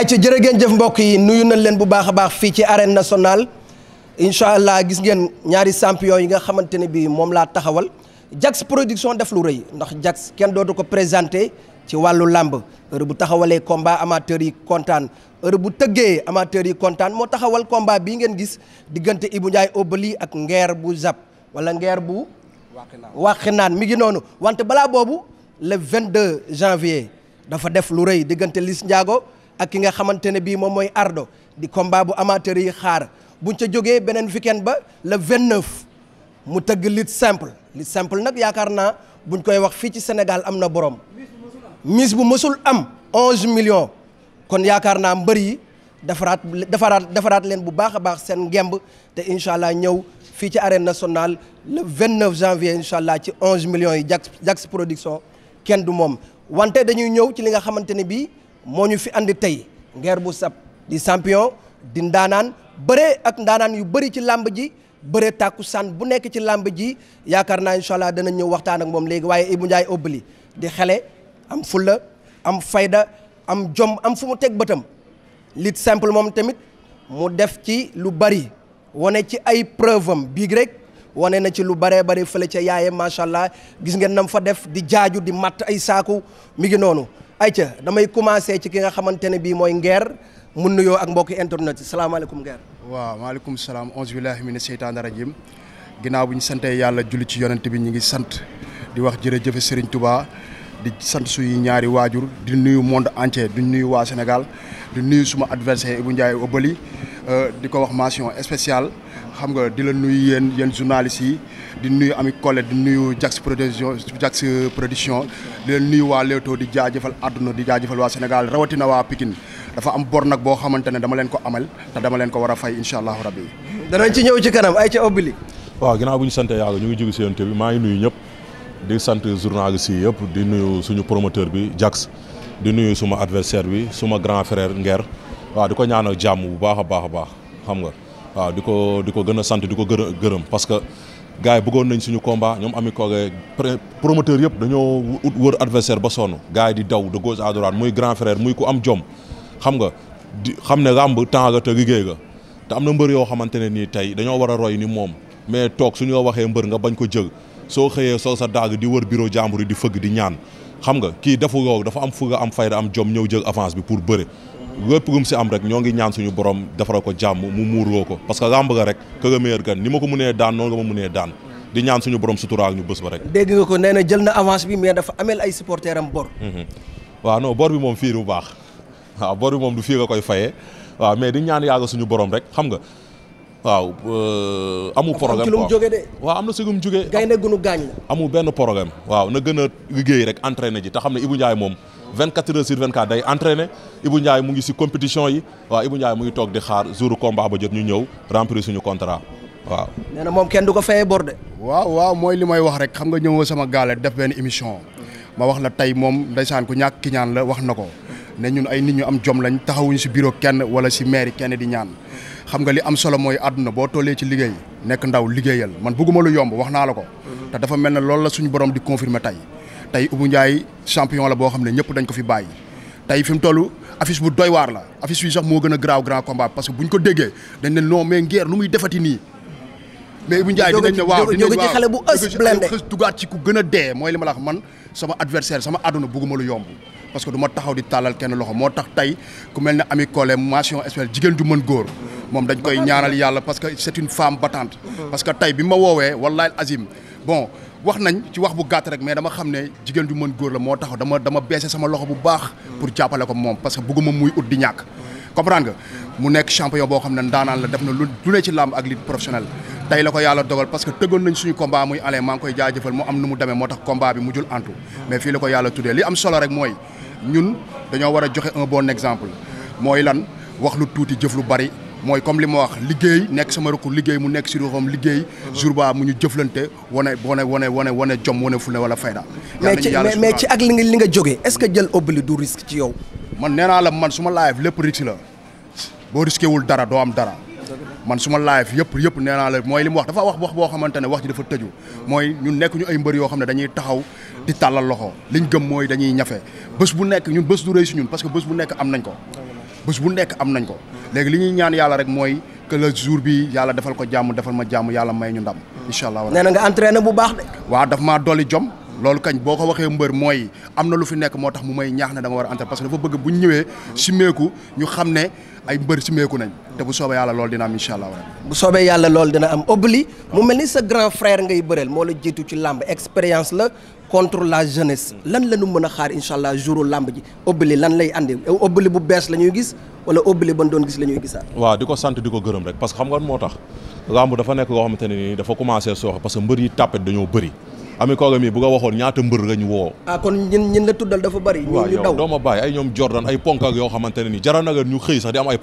ay ca jërë ngeen jëf mbokk yi nuyu nañ leen bu baax a baax fii ci arène nationale incha allah gis ngeen ñaari champion yi nga xamante ne bii moom laa taxawal Jax production def lu rëy ndax Jax kenn dootu ko présenté ci wàllu làmb heure bu taxawalee komba amateur yi kontaan heure bu tëggee amateur yi kontaan moo taxawal combat bii ngeen gis diggante Ibou Ndiaye Obali ak ngeer bu zap wala ngeer bu wàqi naan mi ngi noonu wante balaa boobu le 22 janvier dafa def lu rëy diggante Liss Ndiago ak ki nga xamante ne bii moom mooy Ardo di combat bu amateur yi xaar buñ ca jógee beneen weekend ba le 29 mu tëgg lutte simple lutte simple nag yaakaar naa buñ koy wax fii ci Sénégal am na borom mise bu mësul am 11 million kon yaakaar naa mbër yi defaraat defaraat defaraat leen bu baax a baax seen ngemb te incha allah ñëw fii ci arène nationale le 29 janvier incha allah ci 11 millions yi Jax Jax production kenn du moom wante dañuy ñëw ci li nga xamante ne bii. moo ñu fi andi tey Nguer bu sab di champion di ndaanaan bëree ak ndaanaan yu bëri ci làmb ji tàkku tàkkusaan bu nekk ci làmb ji yaakaar naa incha allah danañ ñëw waxtaan ak moom léegi waaye bu njaay Obli di xele am fulla am fayda am jom am fu mu teg bëtam lit simple moom tamit mu def ci lu bari wane ci ay preuve am biig rek wane na ci lu baree bari fële ca yaaye macha allah gis ngeen nam fa def di jaaju di matt ay saaku mi ngi noonu ayca damay commencé ci ki nga xamante ne bii mooy Nguer mu nuyoo ak mbokki internet yi salaamaaleykum ngeer waaw maaleykum salaam onze billahi mina seytaani rajim ginnaaw bu ñu santee yàlla julli ci yonent bi ñu ngi sant di wax jërëjëf Serigne Touba di sant suy ñaari waajur di nuyu monde entier di nuyu waa Sénégal di nuyu suma adversaire Ibou Ndiaye Obali euh, di ko wax masion spéciale xam nga di la nuyu yéen yéen journalistes yi di nuyu ami collègue di nuyu Jax production Jax production di leen nuyu waa Leewtoo di jaajëfal àdduna di jaajëfal waa Sénégal rawatina waa Pikine dafa am bor nag boo xamante ne dama leen ko amal te dama leen ko war a fay incha allahu rabbi. danañ ci ñëw ci kanam ay ca obli. waaw ginnaaw bu ñu sant yàlla ñu ngi jóg si bi maa ngi nuyu ñëpp di sant journaliste yi yëpp di nuyu suñu promoteur bi Jax di nuyu suma adversaire bi suma grand frère Nguer waaw di ko ñaanal jàmm bu baax a baax a baax xam nga waaw di ko di ko gën a sant di ko gërëm parce que. gars yi bëggoon nañ suñu combat ñoom ami koogee promoteur yëpp dañoo ut wër adversaire ba sonn gars yi di daw de gauche à muy grand frère muy ku am jom xam nga di xam ne làmb temps ga te liggéey ga te am na mbër yoo xamante ne nii tey dañoo war a roy ni moom mais toog suñu waxee mbër nga bañ ko jël soo xëyee soo sa daag di wër bureau jàmbur yi di fëgg di ñaan xam nga kii defu loolu dafa am fuga am fayda am jom ñëw jël avance bi pour bëre lépp lu si am rek ñoo ngi ñaan suñu borom defara ko jàmm mu muuroo ko parce que làmb ga rek que le meilleur gagne ni ma ko mënee daan noonu la ma mënee daan di ñaan suñu borom suturaal ñu bés ba rek. dégg nga ko nee na jël na avance bi mais dafa ameel ay supporters am bor. Mhm. waaw non bor bi moom fii bu baax waaw bor bi moom du fii nga koy faye waaw mais di ñaan yàlla suñu boroom rek xam nga. waaw euh, amul problème quoi waaw am na si lu mu jógee. gaynde gunu gaañ amul benn problème waaw na gën a liggéey rek na ji te xam ne Ibou Ndiaye moom. 24 heures sur 24 day entraîné Ibou Ndiaye mu ngi si compétition yi waaw Ibou Ndiaye mu ngi toog di xaar jour combat ba jot ñu ñëw remplir suñu contrat waaw. nee moom kenn du ko fayee bor de. mooy li may wax rek xam nga ñëwoo sama gaale def benn émission ma wax la tey moom ndeysaan ku ñàkk ki ñaan la wax na ko ne ñun ay nit ñu am jom lañ taxawuñu si bureau kenn wala si mairie kenn di ñaan. xam nga li am solo mooy àdduna boo tollee ci liggéey nekk ndaw liggéeyal man bëgguma lu yomb wax naa la ko. te dafa mel ne loolu la suñu borom di confirmer tey. tey Ibou Ndiaye champion la boo xam ne ñëpp dañ ko fi bàyyi tey fi mu toll affiche bu doy waar la affiche bi sax moo gën a graaw grand combat parce que buñ ko déggee dañ ne non mais Nguer lu muy defati nii. mais Ibou Ndiaye dinañ ne waaw dinañ waaw ci xale bu ës blende ci ku gën a dee mooy li ma la wax man sama adversaire sama àdduna bugguma lu yomb. parce que du ma taxaw di tàllal kenn loxo moo tax tey ku mel ne Ami Collé mention spéciale jigéen ju mën góor moom dañ koy ñaanal yàlla parce que c'est une femme battante. parce que tey bi ma woowee wallahi azim bon wax nañ ci wax bu gàtt rek mais dama xam ne jigéen ju mën góor la moo tax dama dama beese sama loxo bu baax. pour jàppale ko moom parce que bëgguma muy ut di ñàkk. comprendre nga mu nekk champion boo xam ne ndaanaan la def na lu lu ne ci làmb ak lutte professionnelle. tey la ko yàlla dogal parce que tëggoon nañ suñu combat muy ale maa ngi koy jaajëfal mu am nu mu demee moo tax combat bi mujjul antu. mais fii la ko yàlla tuddee li am solo rek mooy ñun dañoo war a joxe un bon exemple. mooy lan wax lu tuuti jëf lu bari. mooy comme li ma wax liggéey nekk sama recours liggéey mu nekk si liggéey. jour ba mu ñu jëflante wane wane wane wane wane jom wane fule wala fayda. mais mais ci ak li nga li nga jógee est ce que jël Obeuly du risque ci yow. man nee naa la man su ma live lépp risque la boo risqué wul dara doo am dara. man su ma live yëpp yëpp nee naa la mooy li mu wax dafa wax wax boo xamante ne wax ji dafa tëju. mooy ñun nekk ñu ay mbër yoo xam ne dañuy taxaw di tàllal loxo liñ gëm mooy dañuy ñafe bés bu nekk ñu bés du rëy si ñun parce que bés bu nekk am nañ ko bés bu nekk am nañ ko. léegi li ñuy ñaan yàlla rek mooy que jour bi yàlla defal ko jàmm defal ma jàmm yàlla may ñu ndam. incha allah nee na nga na bu baax de. waaw daf maa dolli jom. loolu kañ boo ko waxee mbër mooy am na lu fi nekk moo tax mu may ñaax ne da nga war a entrer parce que dafa bëgg bu ñu ñëwee simeeku ñu xam ne ay mbër simeeku nañ te bu soobee yàlla loolu dina am incha allah bu soobee yàlla loolu dina am obli mu mel ni sa grand ngay bëreel moo la jiitu ci làmb expérience la contre la jeunesse lan la ñu mën a xaar incha allah jouru làmb ji Obeuly lan lay andi Obeuly bu bees la ñuy gis wala Obeuly ban doon gis la ñuy gisaat. waaw di ko sant di ko gërëm rek parce que xam nga moo tax làmb dafa nekk loo xamante nii dafa commencé sooxe parce que mbër yi tàppet dañoo bëri ami kooga mi bu nga waxoon ñaata mbër lañu woo ah kon ñin la tuddal dafa bëri ñu daw dooma bàyyi ay ñoom Jordan ay ponkak yoo xamante ne nii jaral na leen ñu xëy sax di am yoo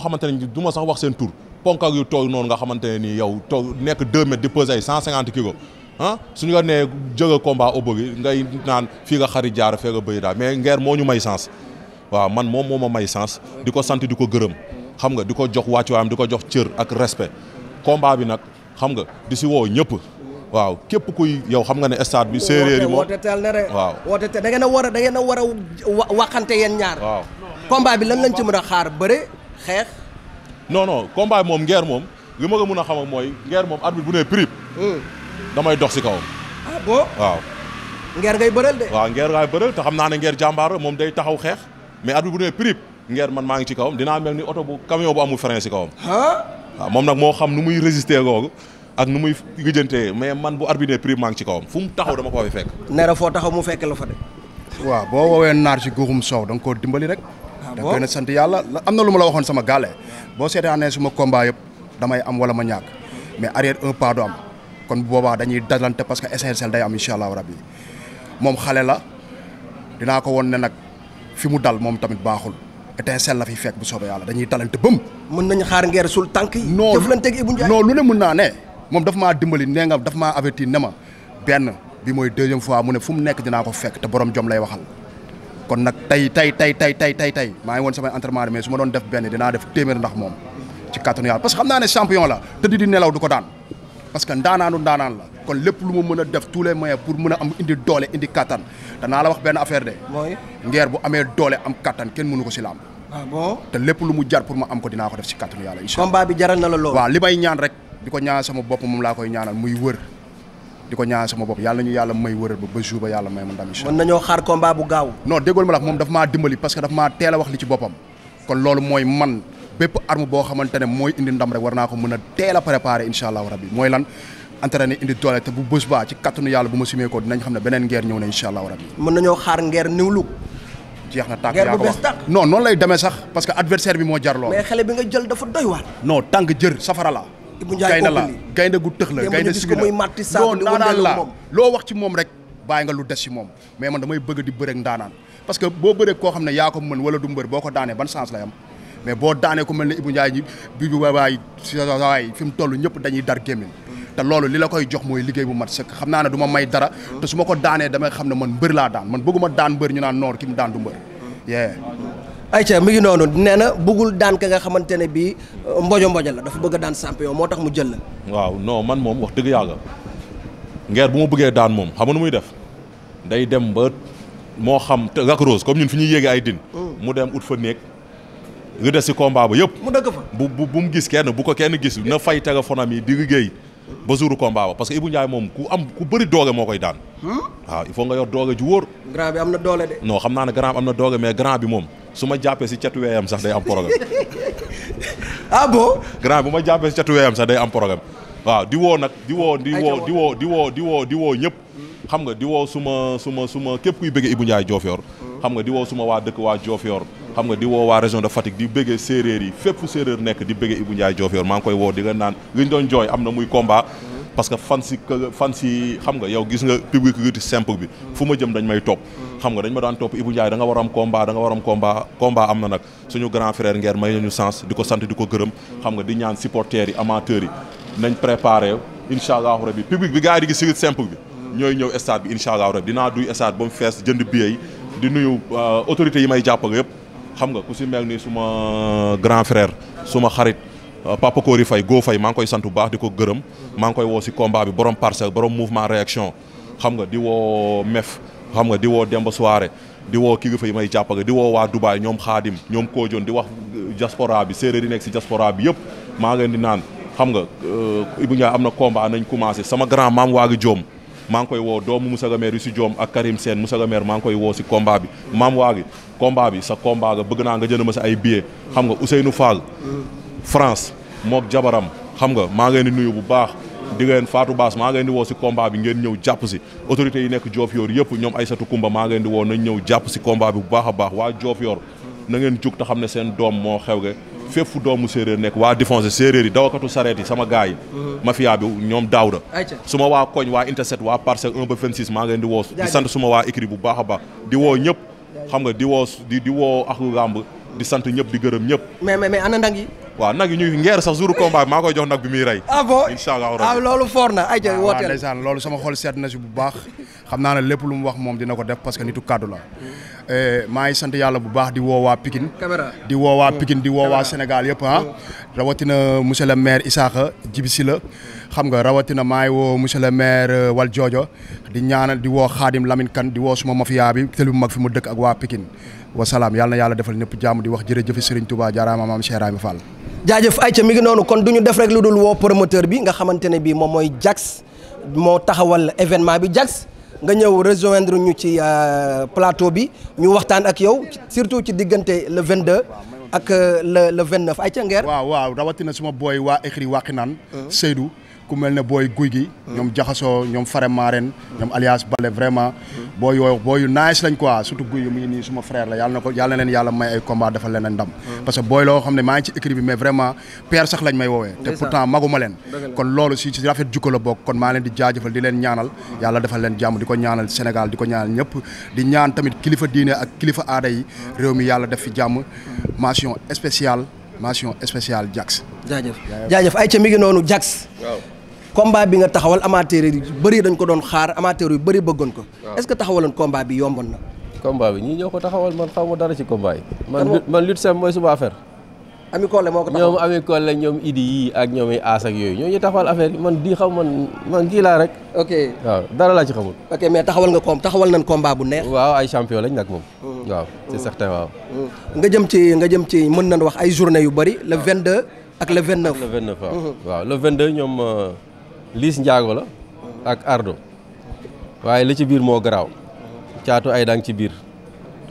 xamante ne du ma sax wax seen tur ponkak yu tooy noonu nga xamante ne nii yow too nekk 2 mètres di peser ay 150 kilos ah suñu la nee jëga combat au bëgg ngay naan fii nga xari jaar fee nga bëri daal mais Nguer moo ñu may sens waaw man moom moo ma may sens di ko sant di ko gërëm xam nga di ko jox wàccuwaayam di ko jox cër ak respect combat bi nag xam nga di si woo ñëpp waaw képp kuy yow xam nga ne stade bi séeréer yi moom woote na rek waaw woote teel da ngeen a a da ngeen a war a waxante yeen ñaar waaw combat bi lan lañ ci mën a xaar bëre xeex non non combat moom ngeer moom li ma ko mën a xamal mooy ngeer moom arbitre bu nee prip hmm. damay dox si kawam. ah waaw. ngeer ngay bëreel de. ngeer ngay bëreel te xam naa ne ngeer jàmbaar moom day taxaw xeex mais arbitre bu nee prip ngeer man maa ngi ci kawam dinaa mel ni oto bu camion bu amul frein si kawam. waaw moom nag moo xam nu muy résister googu ak nu muy gëjëntee mais man bu arbitre prip maa ngi ci kawam fu mu taxaw dama ko fay fekk. nera foo taxaw mu fekk la fa waaw boo woowee naar ci guuxum soow da dimbali rek. da koy na sant yàlla am na lu ma la waxoon sama gaale boo seetaanee suma combat yëpp damay am wala ma ñàkk mais arrière un pas am kon boobaa dañuy dalante parce que essentiel day am incha allahu rabbi moom xale la dinaa ko woon ne nag fi mu dal moom tamit baaxul étincelle la fi fekk bu soobee yàlla dañuy talante bëm. mën nañu xaar ngeer sul tànk yi. non jëflanteeg Ibou Ndiaye non lu ne mën naa ne moom daf maa dimbali nee nga daf maa avertir ne ma benn bi mooy deuxième fois mu ne fu mu nekk dinaa ko fekk te borom jom lay waxal. kon nag tey tey tey tey tey tey tey maa ngi woon samay entraînement mais su ma doon def benn dinaa def téeméer ndax moom ci kàttanu yàlla parce que xam naa ne champion la tëdd di nelaw du ko daan parce que ndaanaanu ndaanaan la kon lépp lu ma mën a def tous les moyens pour mën a am indi doole indi kattan naa la wax benn affaire de. mooy ngeer bu amee doole am kattan kenn mënu ko si làmb. ah bon te lépp lu mu jar pour ma am ko dinaa ko def si kàttanu yàlla incha bi jaral na la lool. waaw li may ñaan rek ko ñaan sama bopp moom laa koy ñaanal muy wër di ko ñaanal sama bopp yàlla nañu yàlla may wëral ba ba jour ba yàlla may ma ndam incha allah mën nañoo xaar combat bu gaaw non déggool ma la moom dafa maa dimbali parce que dafa maa teel a wax li ci boppam kon loolu mooy man bépp arme boo xamante ne mooy indi ndam rek war naa ko mën a teel a préparer incha allahu rabbi mooy lan entraîné indi doole te bu bés baa ci kattanu yàlla bu ma simee ko dinañ xam ne beneen ngeer ñëw na incha allahu rabbi mën xaar ngeer niwlu jeex na tànk yaa ko wax non noonu que adversaire bi moo jar lool mais Ibou Ndiaye gaynde la gaynde gu tëx la gaynde si muy matti sa ndaanaan la loo wax ci moom rek bàyyi nga lu des ci moom mais man damay bëgg di bëreeg ndaanaan parce boo bëreeg koo xam ne yaa ko mën wala du mbër boo ko daanee ban chance lay mais boo daanee ko mel ne Ibou Ndiaye ji bi bi dañuy dar gémmiñ te loolu li la koy jox mooy liggéey bu mat sëkk xam naa ne du ma may dara te su ma ko daanee damay xam ne man mbër laa daan man bëgguma daan mbër ay ayca mi ngi noonu nee na bëggul daan ka nga xamante ne bii euh, mbojo mbojo la dafa bëgg daan champion moo tax mu jël la. waaw noo man moom wax dëgg yàlla ngeer bu mu buggee daan moom xam nu muy def day dem ba moo xam te Lac Rose comme ñun fi ñuy yéegee ay din mm. mu dem ut fa néeg lu des si combat ba yëpp. mu dëgg fa bu bu mu gis kenn bu ko kenn gis na fay téléphone am yi di liggéey. ba jouru combat ba parce que Ibou Ndiaye moom ku am ku bëri doole moo koy daan waaw il faut nga yor doole ju wóor grand bi am na doole de xam naa ne grand bi am na doole mais grand bi moom su ma jàppee si catu weeyam sax day am programme ah bon grand bi ma jàppee si catu weeyam sax day am programme waaw di woo nag di woo di woo di woo di woo di woo di woo ñëpp xam nga di woo suma suma suma képp kuy bëgg Ibou Ndiaye Diofior xam nga di woo suma waa dëkk waa Diofior xam nga di woo waa région de Fatick di bëggee séeréer yi fépp fu séeréer nekk di bëggee Ibou Ndiaye Diofior maa ngi koy woo di nga naan li ñu doon jooy am na muy combat. parce que fan si fan si xam nga yow gis nga public bi simple bi fu ma jëm dañ may topp xam nga dañ ma daan topp Ibou Ndiaye da nga war am combat da nga war am combat combat am na nag suñu grand frère Nguer may nañu sens di ko sant di ko gërëm xam nga di ñaan supporters yi amateurs yi nañ préparé incha allahu rabi public bi gars yi si simple bi ñooy ñëw stade incha allahu rabi dinaa duy stade ba mu jënd billet yi di nuyu euh, yi may jàppale yëpp xam nga ku si mel ni suma grand frère suma xarit euh, Papa Kori Faye Go Faye maa ngi koy sant bu baax di ko gërëm maa ngi koy woo si combat bi borom parcelle borom mouvement réaction xam nga di woo mef xam nga di woo Demba Soare di woo kii fa may jàppale di woo waa Dubaay ñoom xaadim ñoom Koojoon di wax diaspora bi séeréer yi nekk si diaspora bi yëpp maa ngi leen di naan xam nga euh, bu Ndiaye am na combat nañ commencé sama grand maam waagi joom maa ngi koy woo doomu Moussa Gamer Youssou Diom ak Karim Sène Moussa woo si combat bi maam waa gi sa combat ga bëgg naa nga jënd ma sa ay billets xam nga Ousseynou Fall France mook jabaram xam nga maa ngi leen di nuyu bu baax di ngeen Fatou Bass maa ngi leen di woo si combat bi ngeen ñëw jàpp si autorités yi nekk Diofior yëpp ñoom Aïssatou Koumba maa ngi leen di woo na ñëw jàpp si combat bu baax a baax waa Diofior na ngeen jug te xam ne seen doom moo xew ge fépp fu doomu séeréer nekk waa défense séeréer yi dawakatu sareet yi sama gars yi mhm. mafia bi ñoom daawda su ma waa koñ waa interset waa parcelle 1 ba 26 maa ngi di woo di sant suma waa écrit bu baax a di woo ñëpp xam nga di woo di di woo ak di sant ñëpp di gërëm ñëpp mais mais mais ana nag yi waaw nag yi ñuy ngeer sax jour combat maa koy jox nag bi muy rey ah, ah loolu foor na ay jël wooteel ndeysaan loolu sama xol seet na si bu baax xam naa ne lépp lu mu wax moom dina ko def parce que nitu kàddu la mm. Eh, maa ngi sant yàlla bu baax di woo waa Pikine di woo waa mm. Pikine di woo waa Sénégal yëpp ah mm. rawatina monsieur le maire Isaka Djibi la xam nga rawatina maa ngi woo monsieur le maire euh, Wal Joojo di ñaanal di woo Xaadim Lamine kan di woo suma mafia bi tëli bu mag fi mu dëkk ak waa Pikine wasalaam yàlla na yàlla defal ñëpp jàmm di wax jërëjëf Serigne Touba jaaraama maam Cheikh Ibrahima Fall jaajëf Aïcha mi ngi noonu kon du ñu def rek lu dul woo promoteur bi nga xamante ne bii moom mooy Jax moo taxawal événement bi Jax nga ñëw rejoindre ñu ci euh, plateau bi ñu waxtaan ak yow surtout ci diggante le 22 ak la euh, le 29 ay ca ngeer waaw waaw rawatina suma booy waa écrit Wakhinane Seydou ku mel ne booy guy gi. ñoom jaxasoo ñoom fare maaren ñoom alias Bale vraiment. booy yooyu booy yu nice lañ guy yi mu nii suma frère la yàlla na ko yàlla na leen yàlla may ay combat defal leen ndam. parce que booy loo xam ne maa ngi ci écrit mais vraiment père sax lañ may woowee. te pourtant maguma leen. kon loolu si rafet jukko la bokk kon maa leen di jaajëfal di leen ñaanal. yàlla defal leen jàmm di ko ñaanal Sénégal di ko ñaanal ñëpp di ñaan tamit mi yàlla def fi jàmm mention spéciale mention spéciale Jax. combat bi nga taxawal amateur yu bëri dañ ko doon xaar amateur yu bëri bëggoon ko. est-ce que taxawaloon combat bi yomboon na. combat bi ñii ñoo ko taxawal man xaw ma dara ci combat yi. man man lutte simple mooy suba affaire. Ami Collé moo ko taxawal yooyu ñoo ñu taxawal affaire man di xam man man kii laa rek. ok dara laa ci xamul. ok mais taxawal nga koom taxawal nañ combat bu neex. waaw ay champion lañ nag moom. Mm. waaw mm. mm. nga jëm ci nga jëm ci mën na wax ay journée yu bëri le 22 ak le 29. le 29 waaw mm-hmm. waaw le 22 ñoom. Euh, liis njaago la ak ardo waaye li ci biir moo garaaw caatu ay daang ci biir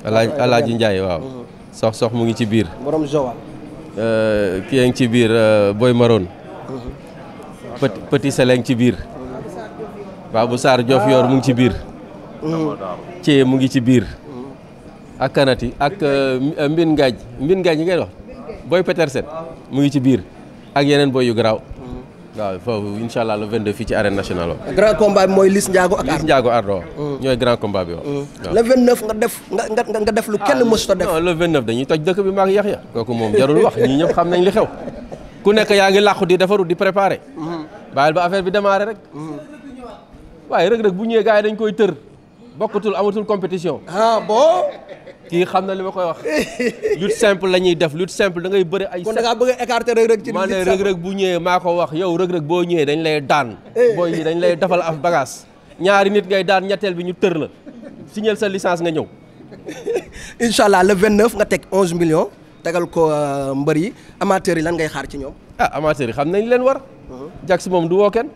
alaaj alaaji njaay waaw mhm. sox sox mu ngi ci biir borom Joal euh, kii ci biir euh, boy maroon mhm. petit seleng ci biir mhm. bu Sarr Diof yor mu ngi ci biir Thié mu ngi ci biir ak kanati ak euh, mbin ngaaj mbin ngaaj yi ngay wax boy Petersen mu ngi ci biir ak yeneen boy yu garaaw waaw foofu incha allah le 22 fii ci arène nationale waaw. grand combat bi mooy Liss Ndiago ak. Ardo Liss mm. ñooy grand combat bi waaw. Mm. le 29 nga def nga nga nga def lu kenn ah, mosut a def. non le 29 dañuy toj dëkk bi maak Yaxya kooku moom jarul wax ñii ñëpp xam nañ li xew ku nekk yaa ngi làqu di defaru di préparé. Mm. bàyyil ba affaire bi démarré rek. waaye rek rek bu ñëwee gars dañ koy tër bokkatul amatul compétition. ah bon. kii xam na li ma koy wax lutte simple la ñuy def lut simple da ngay bëri ay. kon da ngaa bëgg a écarter rëg rëg ci ma ne bu ñëwee maa ko wax yow rëg rëg boo ñëwee dañ lay daan. Eh. booy dañ lay defal af bagage ñaari nit ngay daan ñetteel bi ñu tër la signal sa licence nga ñëw. incha allah le 29 nga teg 11 millions tegal ko euh, mbër yi amateurs yi lan ngay xaar ci ñoom. ah amateurs yi xam nañ leen war. Uh-huh. Jax moom du woo kenn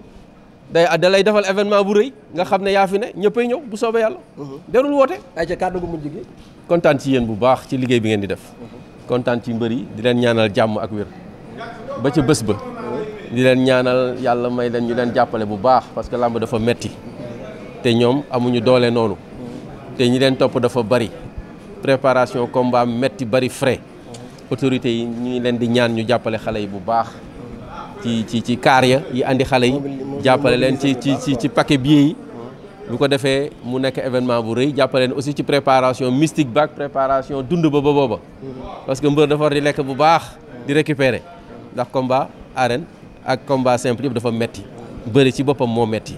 day da lay defal événement bu rëy nga xam ne yaa fi ne ñëppay ñëw bu soobee yàlla. Uh-huh. jarul woote. ay ca kàddu kontaan ci yéen bu baax ci liggéey bi ngeen di def kontaan ci mbër di leen ñaanal jàmm ak wér ba ci bés ba di leen ñaanal yàlla may leen ñu leen jàppale bu baax parce que làmb dafa metti te ñoom amuñu doole noonu te ñi leen topp dafa bari préparation combat metti bari frais autorités yi ñu ngi leen di ñaan ñu jàppale xale yi bu baax ci ci ci kaar ya yi indi xale yi jàppale leen ci ci ci ci bu ko defee mu nekk événement bu rëy jàppaleen aussi ci préparation mystique baak préparation dund ba ba booba parce que mbër dafa war di lekk bu baax di récupérer ndax combat arène ak combat simple yëpp dafa metti bëri ci boppam moo metti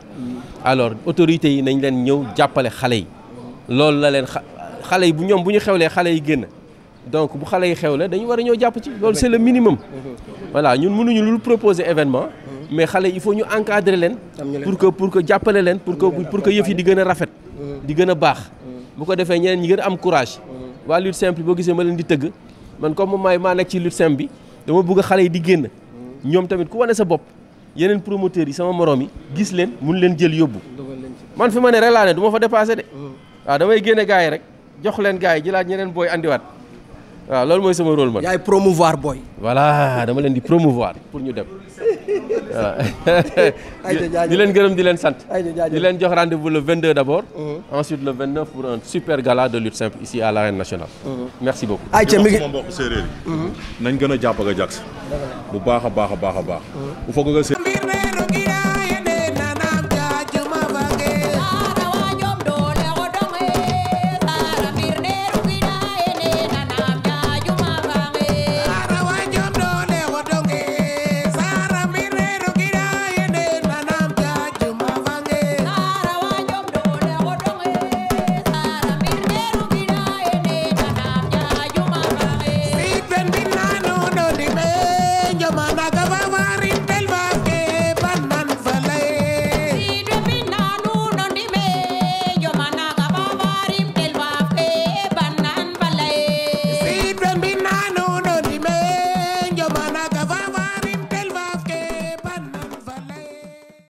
alors autorités yi nañ leen ñëw jàppale xale yi loolu la leen xale yi bu ñoom bu ñu xewlee xale yi génn donc bu xale yi xewle dañu war a ñëw jàpp ci loolu c'est le minimum voilà ñun mënuñu lu proposer événement mais xale yi faut ñu encadrer leen. pour que pour ko jàppale leen. pour que pour que yëf yi di gën a rafet. Mm. di gën a baax. Mm. bu ko defee ñeneen ñi gën a am courage. Mm. waa lutte simple boo gisee ma leen di tëgg man comme maay maa nekk ci lutte simple bi dama bugg xale yi di génn. ñoom tamit ku wane sa bopp yeneen promoteurs yi sama moroom yi gis leen mun leen jël yóbbu. man fi ma ne rek laa ne du ma fa dépassé de. waaw damay génne gars yi rek jox leen gars yi jëlaat ñeneen booy andiwaat. loolu mooy sama rôle man. yaay promouvoir booy. voilà dama leen di promouvoir pour ñu dem. voilà di leen gërëm di leen sant di leen jox rendez-vous le 22 d'abord mm-hmm. ensuite le 29 pour un super gala de lutte simple ici à l'arène nationale mm-hmm. merci beaucoup ayca mi ngi sama mbokk yi mm-hmm. nañ gën a jàpp ak a jàkk bu baax a baax a baax a baax bu foog nga